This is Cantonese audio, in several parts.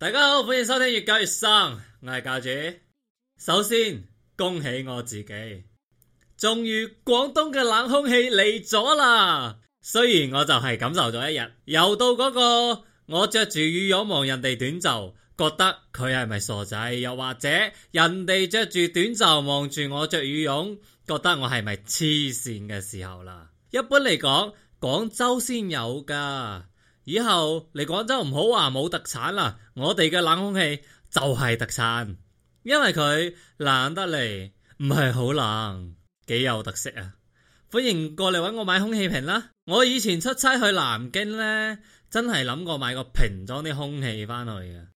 大家好，歡迎收聽粵教粵喪，我係教主。首先恭喜我自己，終於廣東嘅冷空氣嚟咗啦。雖然我就係感受咗一日，又到嗰、那個我着住羽絨望，望人哋短袖，覺得佢係咪傻仔？又或者人哋着住短袖望住我着羽絨，覺得我係咪黐線嘅時候啦？一般嚟講，廣州先有噶。以後嚟廣州唔好話冇特產啦，我哋嘅冷空氣就係特產，因為佢冷得嚟，唔係好冷，幾有特色啊！歡迎過嚟揾我買空氣瓶啦，我以前出差去南京呢，真係諗過買個瓶裝啲空氣翻去嘅。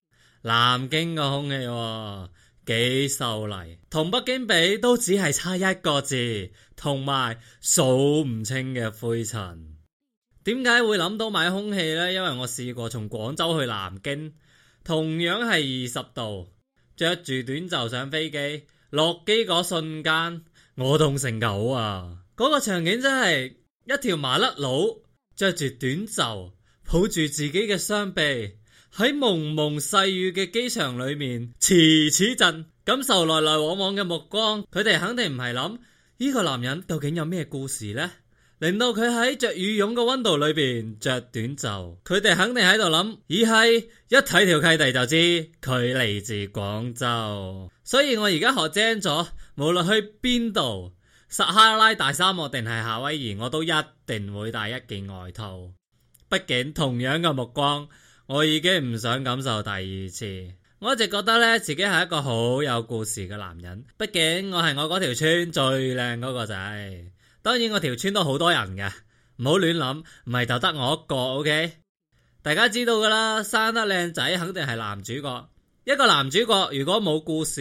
南京個空氣幾秀麗，同北京比都只係差一個字，同埋數唔清嘅灰塵。點解會諗到買空氣呢？因為我試過從廣州去南京，同樣係二十度，着住短袖上飛機，落機嗰瞬間，我凍成狗啊！嗰個場景真係一條麻甩佬，着住短袖，抱住自己嘅雙臂，喺蒙蒙細雨嘅機場裏面，遲遲陣，感受來來往往嘅目光，佢哋肯定唔係諗呢個男人究竟有咩故事呢，令到佢喺着羽絨嘅溫度裏邊着短袖，佢哋肯定喺度諗，咦，係一睇條契弟就知佢嚟自廣州。所以我而家學精咗，無論去邊度，撒哈拉大沙漠定係夏威夷，我都一定會帶一件外套。畢竟同樣嘅目光，我已經唔想感受第二次。我一直覺得咧，自己係一個好有故事嘅男人。畢竟我係我嗰條村最靚嗰個仔，就是。當然我條村都好多人嘅，唔好亂諗，唔係就得我一個，OK？大家知道噶啦，生得靚仔肯定係男主角。一個男主角如果冇故事，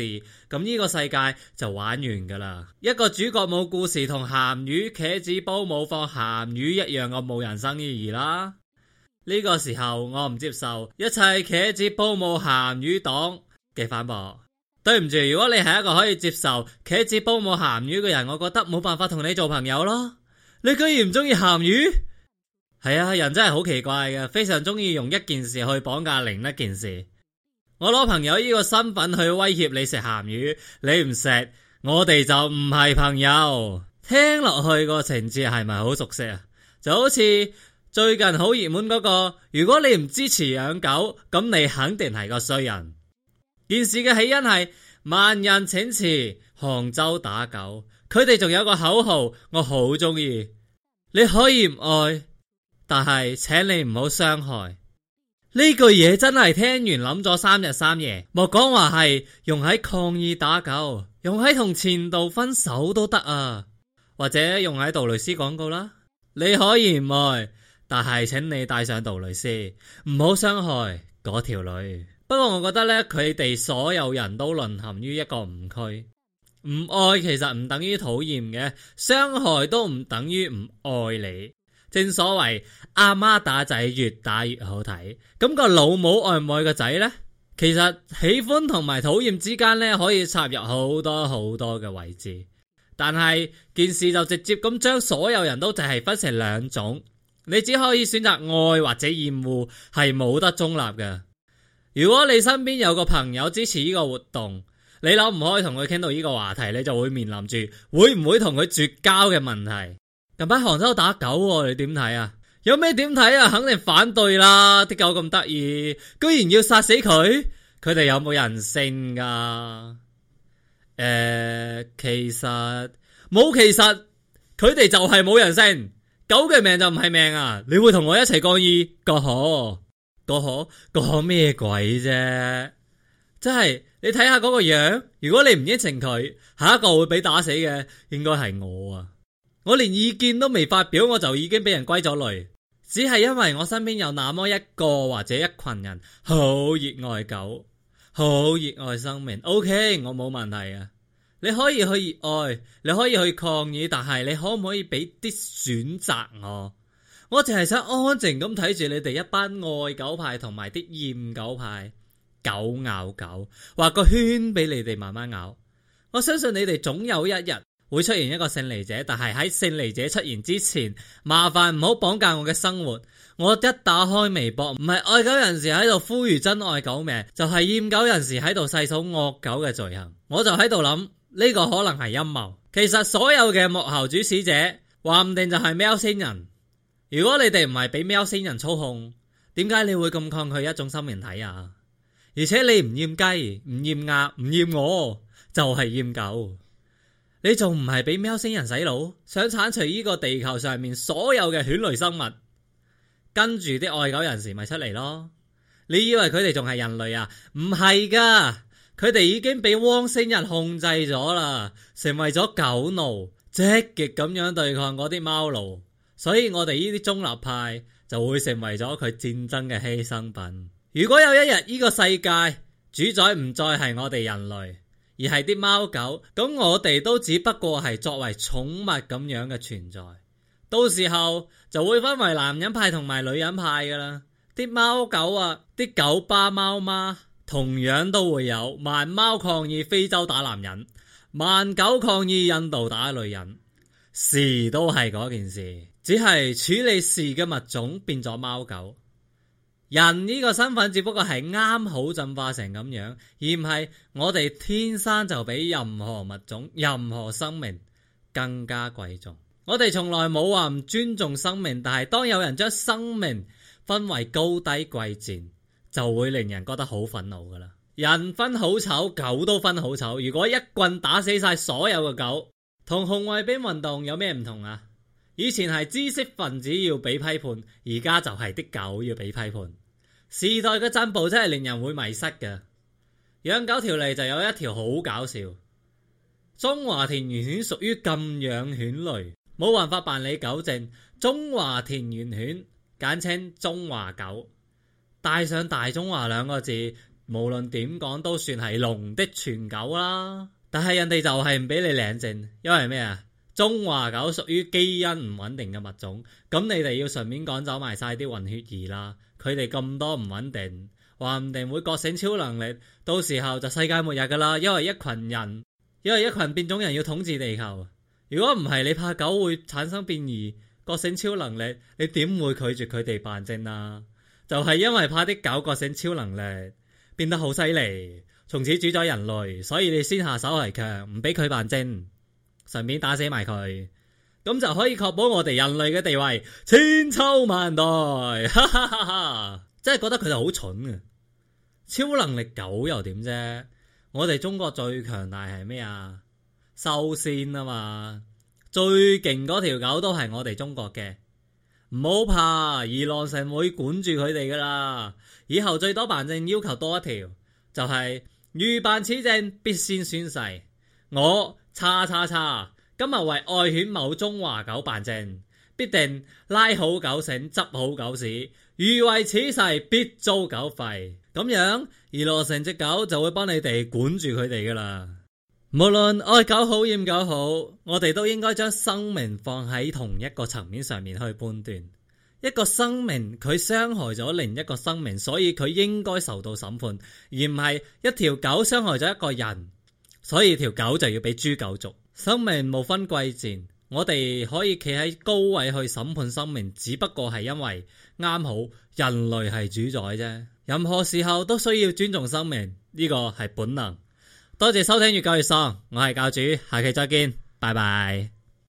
咁呢個世界就玩完噶啦。一個主角冇故事，同鹹魚茄子煲冇放鹹魚一樣，我冇人生意義啦。呢個時候我唔接受，一切茄子煲冇鹹魚黨，嘅反駁。對唔住，如果你係一個可以接受茄子煲冇鹹魚嘅人，我覺得冇辦法同你做朋友咯。你居然唔鍾意鹹魚？係啊，人真係好奇怪嘅，非常鍾意用一件事去綁架另一件事。我攞朋友呢個身份去威脅你食鹹魚，你唔食，我哋就唔係朋友。聽落去個情節係咪好熟悉啊？就好似最近好熱門嗰個，如果你唔支持養狗，咁你肯定係個衰人。件事嘅起因係萬人請辭，杭州打狗。佢哋仲有個口號，我好中意。你可以唔愛，但係請你唔好傷害。呢句嘢真係聽完諗咗三日三夜。莫講話係用喺抗議打狗，用喺同前度分手都得啊。或者用喺杜蕾斯廣告啦。你可以唔愛，但係請你帶上杜蕾斯，唔好傷害嗰條女。不過我覺得咧，佢哋所有人都淪陷於一個誤區，唔愛其實唔等於討厭嘅，傷害都唔等於唔愛你。正所謂阿媽打仔越打越好睇，咁個老母愛唔愛個仔呢？其實喜歡同埋討厭之間咧，可以插入好多好多嘅位置，但係件事就直接咁將所有人都淨係分成兩種，你只可以選擇愛或者厭惡，係冇得中立嘅。如果你身邊有個朋友支持呢個活動，你諗唔可以同佢傾到呢個話題，你就會面臨住會唔會同佢絕交嘅問題。近排杭州打狗喎，你點睇啊？有咩點睇啊？肯定反對啦！啲狗咁得意，居然要殺死佢，佢哋有冇人性噶？誒，其實冇，其實佢哋就係冇人性。狗嘅命就唔係命啊！你會同我一齊抗議個可？講可講咩鬼啫？真係你睇下嗰個樣，如果你唔應承佢，下一個會俾打死嘅，應該係我啊！我連意見都未發表，我就已經俾人歸咗類，只係因為我身邊有那麼一個或者一群人，好熱愛狗，好熱愛生命。OK，我冇問題啊！你可以去熱愛，你可以去抗議，但係你可唔可以俾啲選擇我？我淨係想安靜咁睇住你哋一班愛狗派同埋啲厭狗派。狗咬狗，畫個圈俾你哋慢慢咬。我相信你哋總有一日會出現一個勝利者，但係喺勝利者出現之前，麻煩唔好綁架我嘅生活。我一打開微博，唔係愛狗人士喺度呼籲真愛狗命，就係厭狗人士喺度細數惡狗嘅罪行。我就喺度諗呢個可能係陰謀。其實所有嘅幕後主使者，話唔定就係喵星人。如果你哋唔係俾喵星人操控，點解你會咁抗拒一種生命體啊？而且你唔厭雞、唔厭鴨、唔厭鵝，就係厭狗。你仲唔係俾喵星人洗腦，想鏟除呢個地球上面所有嘅犬類生物？跟住啲愛狗人士咪出嚟咯。你以為佢哋仲係人類啊？唔係噶，佢哋已經俾汪星人控制咗啦，成為咗狗奴，積極咁樣對抗嗰啲貓奴。所以我哋呢啲中立派就會成為咗佢戰爭嘅犧牲品。如果有一日呢個世界主宰唔再係我哋人類，而係啲貓狗，咁我哋都只不過係作為寵物咁樣嘅存在。到時候就會分為男人派同埋女人派噶啦。啲貓狗啊，啲狗爸貓媽同樣都會有萬貓抗議非洲打男人，萬狗抗議印度打女人。事都係嗰件事，只係處理事嘅物種變咗貓狗，人呢個身份只不過係啱好進化成咁樣，而唔係我哋天生就比任何物種、任何生命更加貴重。我哋從來冇話唔尊重生命，但係當有人將生命分為高低貴賤，就會令人覺得好憤怒噶啦。人分好醜，狗都分好醜。如果一棍打死晒所有嘅狗。同紅衛兵運動有咩唔同啊？以前係知識分子要俾批判，而家就係啲狗要俾批判。時代嘅進步真係令人會迷失㗎。養狗條例就有一條好搞笑：中華田園犬屬於禁養犬類，冇辦法辦理狗證。中華田園犬簡稱中華狗，帶上大中華兩個字，無論點講都算係龍的傳狗啦。但係人哋就係唔俾你領證，因為咩啊？中華狗屬於基因唔穩定嘅物種，咁你哋要順便趕走埋晒啲混血兒啦。佢哋咁多唔穩定，話唔定會覺醒超能力，到時候就世界末日噶啦。因為一群人，因為一群變種人要統治地球。如果唔係，你怕狗會產生變異、覺醒超能力，你點會拒絕佢哋辦證啊？就係、是、因為怕啲狗覺醒超能力，變得好犀利。從此主宰人類，所以你先下手為強，唔俾佢辦證，順便打死埋佢，咁就可以確保我哋人類嘅地位千秋萬代。哈哈哈哈！真係覺得佢哋好蠢啊！超能力狗又點啫？我哋中國最強大係咩啊？修仙啊嘛，最勁嗰條狗都係我哋中國嘅，唔好怕，二郎神會管住佢哋噶啦。以後最多辦證要求多一條，就係、是。欲辦此證，必先宣誓。我叉叉叉今日為愛犬某中華狗辦證，必定拉好狗繩，執好狗屎。欲為此誓必遭狗吠，咁樣而落成隻狗就會幫你哋管住佢哋噶啦。無論愛狗好，厭狗好，我哋都應該將生命放喺同一個層面上面去判斷。一個生命佢傷害咗另一個生命，所以佢應該受到審判，而唔係一條狗傷害咗一個人，所以條狗就要俾誅九族。生命無分貴賤，我哋可以企喺高位去審判生命，只不過係因為啱好人類係主宰啫。任何時候都需要尊重生命，呢個係本能。多謝收聽粵教粵喪，我係教主，下期再見，拜拜。